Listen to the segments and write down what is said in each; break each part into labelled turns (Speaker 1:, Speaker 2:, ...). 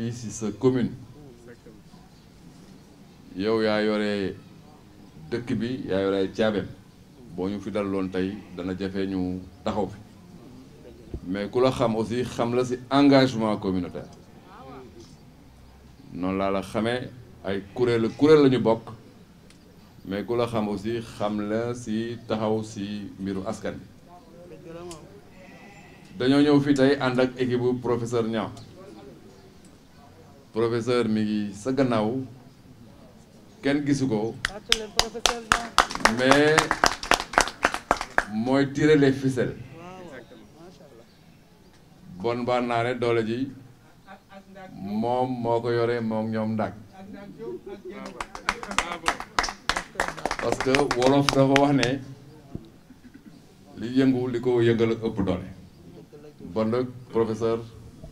Speaker 1: fii si sa commune yow yaa yore dëkk bi yaa yore ay caabeem boo ñu fi daloon tey dana jafe ñu taxaw fi mais ku la xam aussi xam la si engagement communautaire noonu laa la xamee ay kuréel kuréel la ñu bokk mais ku la xam aussi xam la si taxaw si mbiru askan bi dañoo ñëw fi tey ànd ak équipe bu professeur Niang professeur mi ngi sa gannaaw kenn gisu ko mais mooy tirer les bon baan naa doole ji moom moo ko yore moom ñoom ndaag parce que wolof dafa wax ne li yëngu li ko yëngal ak ëpp doole bon nag professeur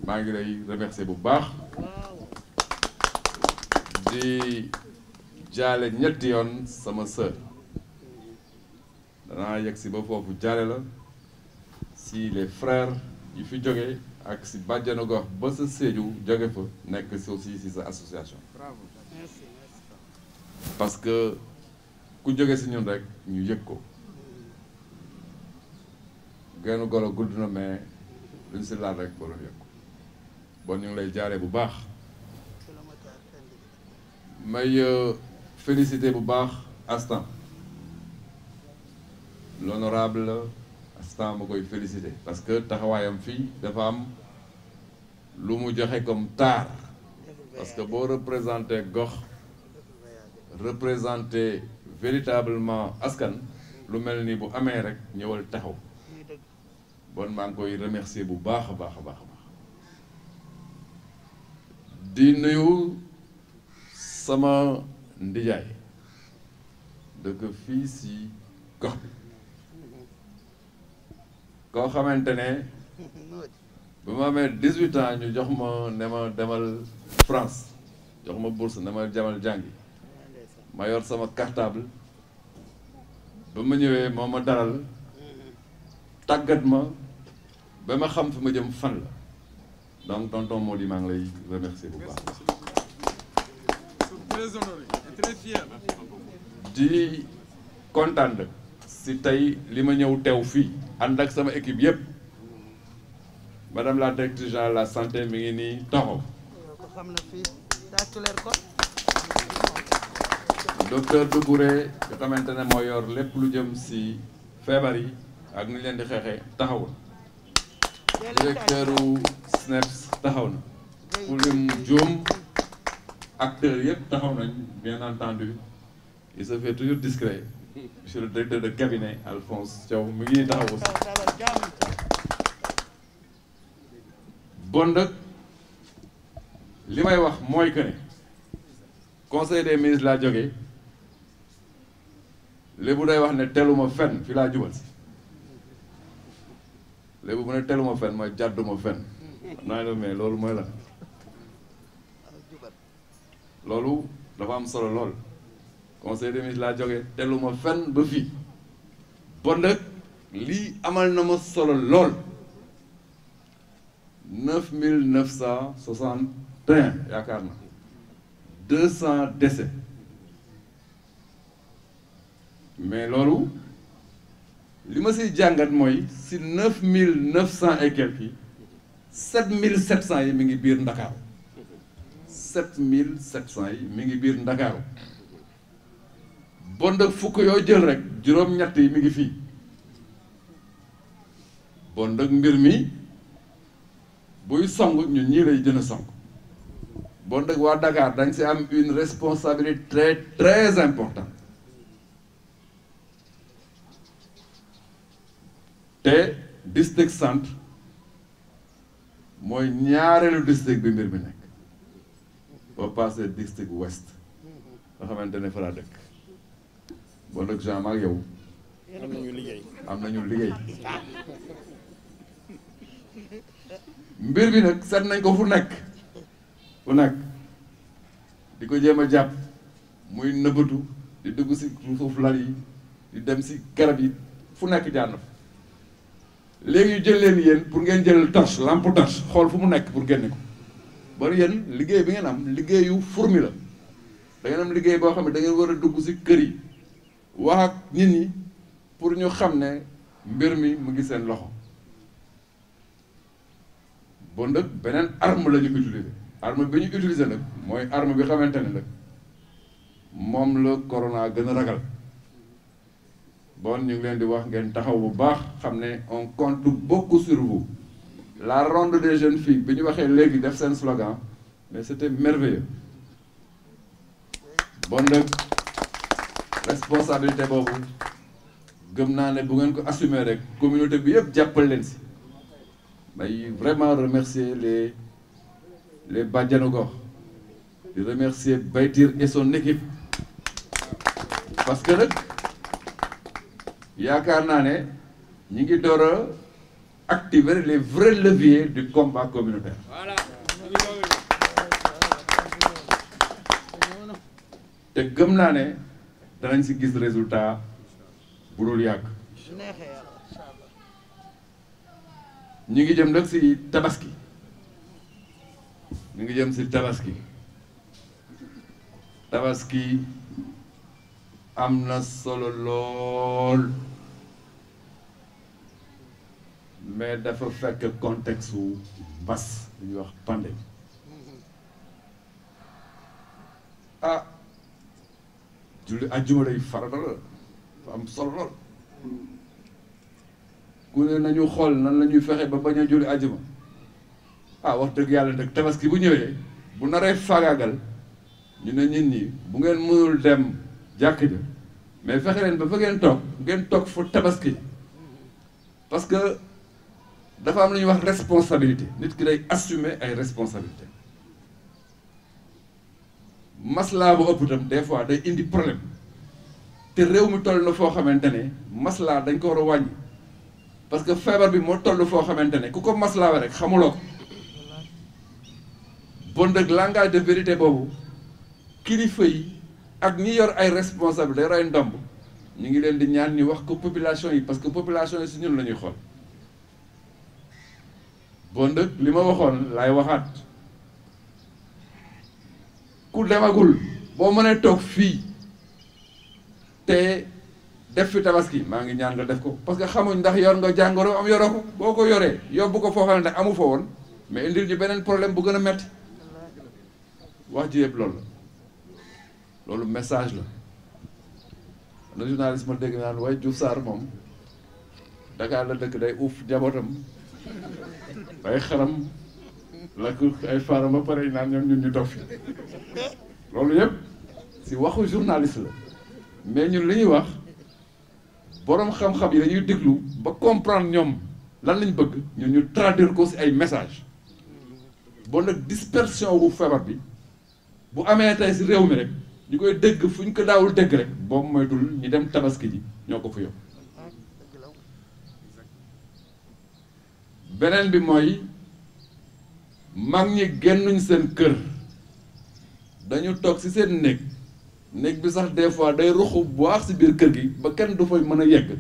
Speaker 1: maa ngi lay remercier bu baax di jaale ñetti yoon sama sœur danaa yegg si ba foofu jaale la si les frères yi fi jóge ak si bàjjanu gox ba sa Sédhiou jóge fa nekk si aussi si sa association parce que ku jóge si ñun rek ñu yëg ko genn golo gudd na mais luñ si laal rek borom yëg ko bon ñu ngi lay jaale bu baax may euh, féliciter bu baax Astan l'honorable Astan ma koy féliciter parce que taxawaayam fii dafa am lu mu joxe comme taar parce que boo représenter gox représenter véritablement askan lu mel ni bu amee rek ñëwal taxaw bon maa ngi koy remercier bu baax baax a baax baax di nuyu sama ndijaay dëkk fii si gox bi koo xamante ne bu ma amee dix-huit ans ñu jox ma ne ma demal France jox ma bourse ne ma demal jàngi ma yor sama cartable ba ma ñëwee moo ma daral tàggat ma ba ma xam fi ma jëm fan la donc tonton Mody maa ngi lay remercier bu baax très honoré et très di kontaan si tey li ma ñëw teew fii ànd ak sama équipe yëpp madame la directrice générale la santé mi ngi nii taxaw docteur Doucouré nga xamante ne moo yor lépp lu jëm si feebar yi ak nu leen di xeexee taxawul directeur u SNEPS e taxaw na Koulim Dioum acteurs yëpp taxaw nañ bien entendu il se fait toujours discret monsieur le directeur de cabinet Alphonse Thiaw mu ngi taxaw aussi bon li may wax mooy que ne conseil des ministres laa jógee lébu day wax ne teluma fenn fi laa jubal si lébu bu ne teluma fenn mooy jàdduma fenn naa ne mais loolu mooy la loolu dafa am solo lool conseil des ministres laa jógee tellu ma fenn ba fii bon nag lii amal na ma solo lool neuf mille neuf cent soixante et un yaakaar na deux cent décès mais loolu li ma siy jàngat mooy si neuf mille neuf cent et quelques yi sept mille sept cent yi mi ngi biir Ndakaaru sept mille sept cent yi mi ngi biir ndakaaru bon nag fukk yoo jël rek juróom-ñett yi mi ngi fii bon nag mbir mi buy song ñun ñii lay jën a song bon nag waa Dakar dañ si am une responsabilité très très importante te district centre mooy ñaareelu district bi mbir mi nekk passé district ouest nga xamante ne fa laa dëkk bon nag Jean maag yow. am nañu liggéey am nañu liggéey. mbir bi nag seet nañ ko fu nekk fu nekk di ko jéem a jàpp muy nëbbatu di dugg si suuf lal yi di dem si garab yi fu nekk jaar na fa léegi jël leen yéen pour ngeen jël torche lamp torche xool fu mu nekk pour génne ko. ba yéen liggéey bi ngeen am liggéeyu fourmi la da am liggéey boo xam ne da war a dugg si kër yi wax ak nit ñi pour ñu xam ne mbir mi mu ngi seen loxo bon nag beneen arme la ñu utiliser arme bi ñu utiliser nag mooy arme bi xamante ne moom la corona gën a ragal bon ñu ngi leen di wax ngeen taxaw bu baax xam ne on compte beaucoup sur la ronde des jeunes fii bi ñu waxee léegi def seen slogan mais c'était merveilleux bon nag responsabilité boobu gëm naa ne bu ngeen ko assumer rek communauté bi yëpp jàppal leen si may vraiment remercier les les bàjjanu gox di remercier Baytir et son équipe parce que nag yaakaar naa ne ñu ngi door activer le vrais leviers du combat communautaire. te gëm naa ne danañ si gis résultat bu dul yàgg. ñu ngi jëm nag si tabaski ñu ngi jëm si tabaski tabaski am na solo lool. mais dafa fekk contexte wu bas li ñuy wax pandémie ah julli àjjuma lay farata la am solo lool ku nañu xool nan la ñuy fexe ba bañ a julli àjjuma ah wax dëgg yàlla nag tabaski bu ñëwee bu naree faagaagal ñu ne nit ñi bu ngeen mënul dem jàkk ja mais fexe leen ba fa ngeen toog ngeen toog fu tabaski parce dafa am lu ñuy wax responsabilité nit ki day assumer ay responsabilité maslaa bu ëpp itam des fois day indi problème te réew mi toll na foo xamante ne maslaa dañ ko war a wàññi parce que feebar bi moo toll foo xamante ne ku ko maslaawe rek xamuloo ko bon nag langage de vérité boobu kilifa yi ak ñi yor ay responsable day ray ndomb ñu ngi leen di ñaan ni wax ko population yi parce que population yi si ñun la ñuy xool kon nag li ma waxoon laay waxaat ku demagul boo mënee toog fii te def fi tabaski maa ngi ñaan nga def ko parce que xamuñ ndax yor nga jàngoro am yoroo ko boo ko yoree yóbbu ko foofa ndax amu fa woon mais indil ñu beneen problème bu gën a metti wax ji yépp loolu loolu message la na journaliste ma dégg naan waaye Diouf Sarr moom Dakar la dëkk day uuf njabootam ay xaram lakk ay faaram ba pare naan ñoom ñun ñu dof fi loolu yëpp si waxu journaliste la mais ñun li ñuy wax boroom xam-xam yi dañuy déglu ba comprendre ñoom lan lañ bëgg ñun ñu traduire ko si ay message bon nag dispersion wu feebar bi bu amee tey si réew mi rek ñu koy dégg fu ñu ko daawul dégg rek boobu moytul ñu dem tabaski ji ñoo ko fa yóbbu beneen bi mooy mag ñi génnuñ seen kër dañu toog ci seen néeg néeg bi sax des fois day ruxu bu baax si biir kër gi ba kenn du fay mën a yegg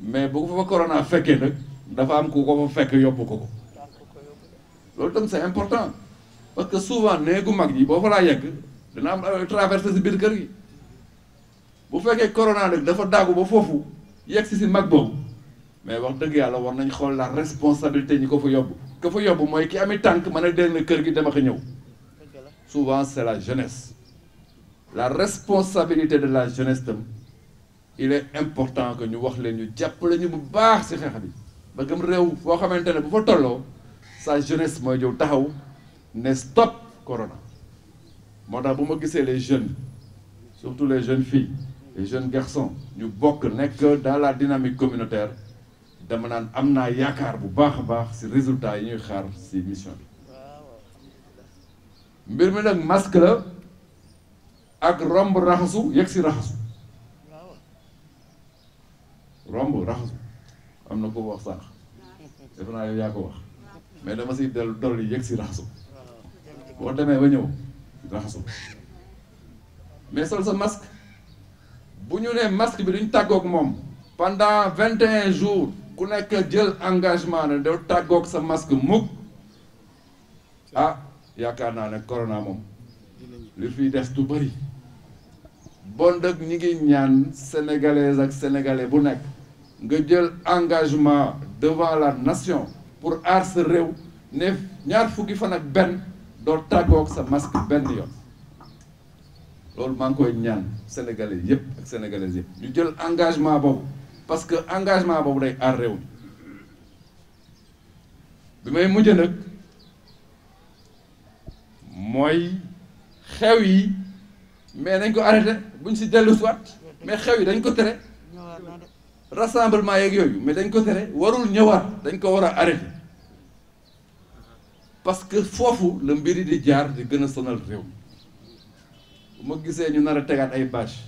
Speaker 1: mais boo ko fa corona fekkee nag dafa am ku ko fa yóbbu ko ko loolu tam c'est important parce que souvent néegu mag yi boo fa yegg dina am traversé ci biir kër gi bu fekkee corona nag dafa daagu ba foofu yegg si ci mag boobu mais wax dëgg yàlla war nañ xool la responsabilité ñi ko fa yóbbu ko fa yóbbu mooy ki ami tànk mën a dégg na kër gi dem ak ñëw souvent c'est la jeunesse la responsabilité de la jeunesse tam il est important que ñu wax leen ñu jàppale ñu bu baax ci xeex bi ba gëm réew foo xamante ne bu fa tolloo sa jeunesse mooy jëw taxaw ne stop corona moo tax bu ma gisee les jeunes surtout les jeunes filles les jeunes garçons ñu bokk nekk dans la dynamique communautaire dama naan am naa yaakaar bu baax a baax ci résultat yi ñuy xaar ci mission mbir mi nag masque la ak romb raxasu yegg si raxasu romb raxasu am na ko wax sànq defe naa yaa ko wax mais dama si del dolli yegg ci raxasu boo demee ba ñëw raxasu mais sol sa masque bu ñu nee masque bi duñ tàggook moom pendant vingt et un jours ku nekk jël engagement ne doo tàggook sa masque mukk ah yaakaar naa ne corona moom li fii des du bëri bon nag ñi ngi ñaan sénégalaises ak sénégalais bu nekk nga jël engagement devant la nation pour aar sa réew ne ñaar fukki fan ak benn doo tàggoog sa masque benn yoon loolu maa ngi koy ñaan sénégalais yépp ak sénégalaises yépp ñu jël engagement boobu parce que engagement boobu day aar réew mi bi may mujj nag mooy xew yi mais nañ ko arrêté buñ si dellu soit mais xew yi dañ ko tere rassemblement yeeg yooyu mais dañ ko tere warul ñëwaat dañ ko war a arrêté parce que foofu la mbir yi di jaar di gën a sonal réew mi bu ma gisee ñu nar a tegaat ay bâche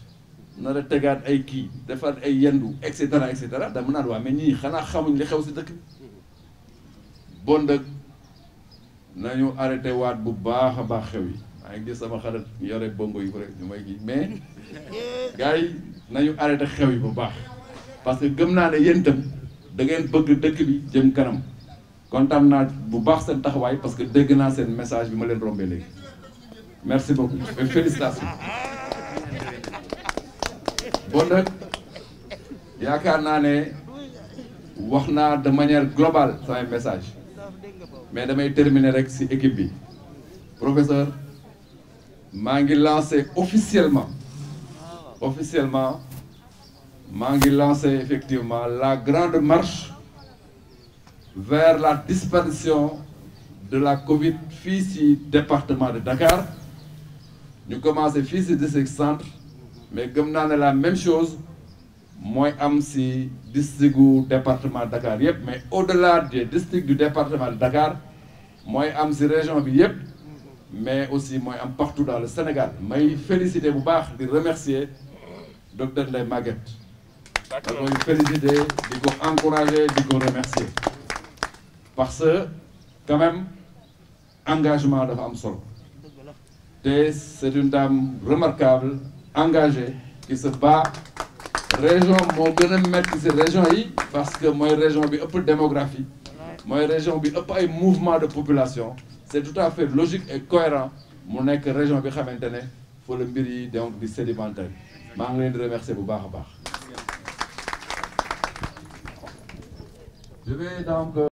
Speaker 1: na a tegaat ay kii defaat ay yendu et cetera et cetera dama naan waa mais ñii xanaa xamuñ li xew si dëkk bi bon dëkk nañu arrêté waat bu baax a baax xew yi maa ngi gis sama xarit yore bongo yu rek ñu may gii mais gars yi nañu arrêté xew yi bu baax parce que gëm naa ne yéen itam da ngeen bëgg dëkk bi jëm kanam kontaan naa bu baax seen taxawaay parce que dégg naa seen message bi ma leen rombee léegi merci beaucoup et bon yaakaar naa ne wax naa de manière globale samay message mais damay terminer rek ci équipe bi professeur maa ngi lancé officiellement officiellement maa ngi lancé effectivement la grande marche vers la disparition de la Covid fii ci département de Dakar ñu commencé fii ci district centre mais gëm naa ne la même chose mooy am si district gu département Dakar yëpp mais au-delà des districts du département de Dakar mooy am si région bi yëpp mais aussi mooy am partout dans le Sénégal may féliciter bu baax di remercier docteur Ndeye Maguette da koy féliciter parce que quand même engagement dafa am solo te c'est une dame remarquable engagé qui se bat région moo gën a métti si région yi parce que mooy région bi ëpp démographie mooy région bi ëpp ay mouvement de population c'est tout à fait logique et cohérent mu nekk région bi xamante ne fa la mbir yi donc di sédimentaire maa ngi leen di remercier bu baax a baax je vais donc euh,